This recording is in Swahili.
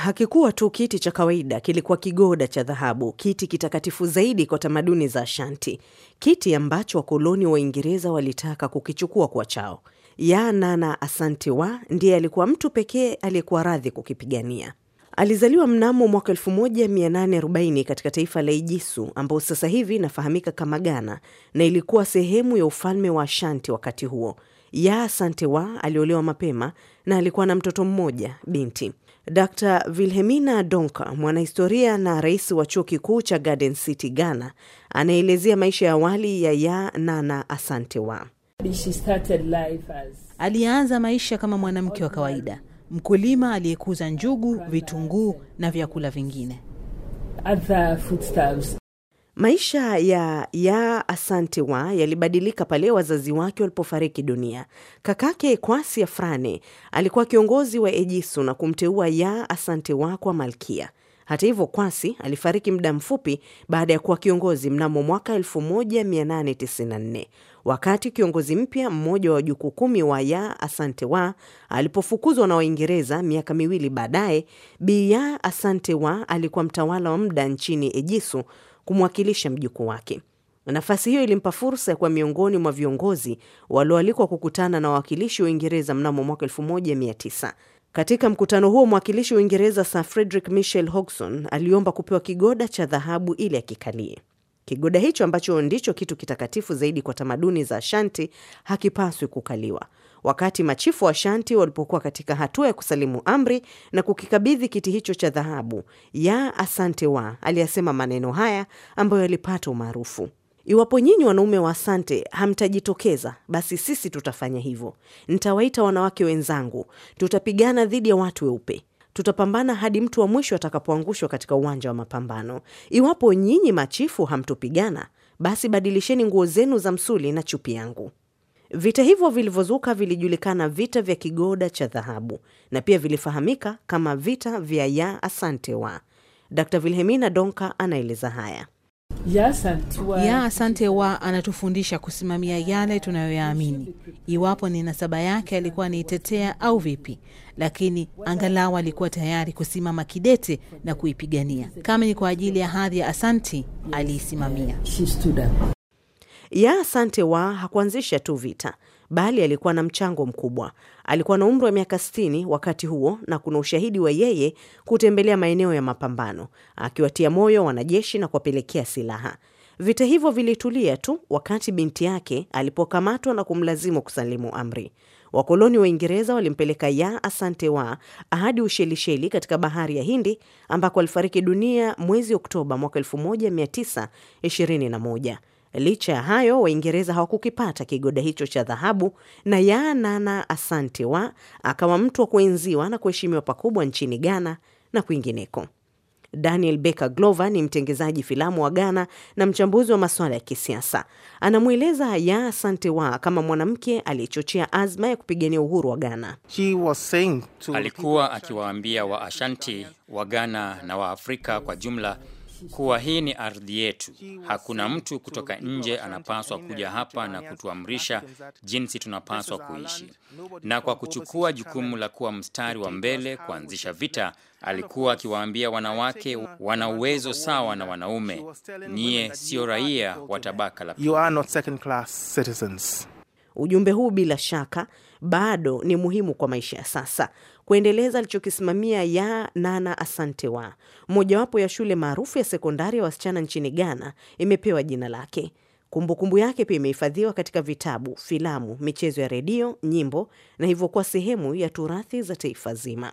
hakikuwa tu kiti cha kawaida, kilikuwa kigoda cha dhahabu, kiti kitakatifu zaidi kwa tamaduni za Ashanti, kiti ambacho wakoloni wa Uingereza walitaka kukichukua kwa chao. Ya Nana Asante wa ndiye alikuwa mtu pekee aliyekuwa radhi kukipigania. Alizaliwa mnamo mwaka 1840 katika taifa la Ijisu ambayo sasa hivi inafahamika kama Ghana na ilikuwa sehemu ya ufalme wa Ashanti wakati huo. Ya Asante wa aliolewa mapema na alikuwa na mtoto mmoja binti. Dr. vilhemina Donka, mwanahistoria na rais wa chuo kikuu cha Garden City Ghana, anaelezea maisha ya awali ya Ya Nana Asante Wa. Alianza maisha kama mwanamke wa kawaida, mkulima aliyekuza njugu, vitunguu na vyakula vingine. Maisha ya Ya Asante Wa yalibadilika pale wazazi wake walipofariki dunia. Kakake Kwasi Afrane alikuwa kiongozi wa Ejisu na kumteua Ya Asante Wa kwa malkia. Hata hivyo, Kwasi alifariki muda mfupi baada ya kuwa kiongozi mnamo mwaka 1894 wakati kiongozi mpya mmoja wa wajukuu kumi wa Ya Asante Wa alipofukuzwa na Waingereza miaka miwili baadaye. Bi Ya Asante Wa alikuwa mtawala wa muda nchini Ejisu kumwakilisha mjukuu wake. Nafasi hiyo ilimpa fursa ya kuwa miongoni mwa viongozi walioalikwa kukutana na wawakilishi wa Uingereza mnamo mwaka 1900 katika mkutano huo mwakilishi wa Uingereza Sir Frederick Michel Hodgson aliomba kupewa kigoda cha dhahabu ili akikalie. Kigoda hicho ambacho ndicho kitu kitakatifu zaidi kwa tamaduni za Ashanti hakipaswi kukaliwa. Wakati machifu wa Ashanti walipokuwa katika hatua ya kusalimu amri na kukikabidhi kiti hicho cha dhahabu, Ya Asante wa aliyasema maneno haya ambayo yalipata umaarufu. Iwapo nyinyi wanaume wa Asante hamtajitokeza, basi sisi tutafanya hivyo. ntawaita wanawake wenzangu, tutapigana dhidi ya watu weupe, tutapambana hadi mtu wa mwisho atakapoangushwa katika uwanja wa mapambano. Iwapo nyinyi machifu hamtopigana, basi badilisheni nguo zenu za msuli na chupi yangu. Vita hivyo vilivyozuka vilijulikana vita vya Kigoda cha Dhahabu na pia vilifahamika kama vita vya ya Asante wa. Dr vilhemina Donka anaeleza haya. Ya Asante wa anatufundisha kusimamia yale tunayoyaamini. Iwapo ni nasaba yake alikuwa anaitetea au vipi, lakini angalau alikuwa tayari kusimama kidete na kuipigania. Kama ni kwa ajili ya hadhi ya Asanti, aliisimamia. Ya Asante Wa hakuanzisha tu vita, bali alikuwa na mchango mkubwa. Alikuwa na umri wa miaka 60 wakati huo, na kuna ushahidi wa yeye kutembelea maeneo ya mapambano akiwatia moyo wanajeshi na kuwapelekea silaha. Vita hivyo vilitulia tu wakati binti yake alipokamatwa na kumlazimu kusalimu amri. Wakoloni wa Uingereza walimpeleka Ya Asante Wa hadi Ushelisheli katika bahari ya Hindi ambako alifariki dunia mwezi Oktoba mwaka 1921. Licha ya hayo, Waingereza hawakukipata kigoda hicho cha dhahabu, na Ya Nana wa akawa mtu wa kuenziwa na kuheshimiwa pakubwa nchini Ghana na kwingineko. Daniel Baker Glover ni mtengezaji filamu wa Ghana na mchambuzi wa masuala ya kisiasa. Anamweleza Ya sante wa kama mwanamke aliyechochea azma ya kupigania uhuru wa Ghana. Alikuwa akiwaambia Waashanti wa Ghana na wa afrika kwa jumla kuwa hii ni ardhi yetu. Hakuna mtu kutoka nje anapaswa kuja hapa na kutuamrisha jinsi tunapaswa kuishi. Na kwa kuchukua jukumu la kuwa mstari wa mbele kuanzisha vita, alikuwa akiwaambia wanawake wana uwezo sawa na wanaume, nyie sio raia wa tabaka la Ujumbe huu bila shaka bado ni muhimu kwa maisha ya sasa, kuendeleza alichokisimamia ya Nana Asante wa mojawapo ya shule maarufu ya sekondari ya wasichana nchini Ghana imepewa jina lake. Kumbukumbu yake pia imehifadhiwa katika vitabu, filamu, michezo ya redio, nyimbo na hivyo kuwa sehemu ya turathi za taifa zima.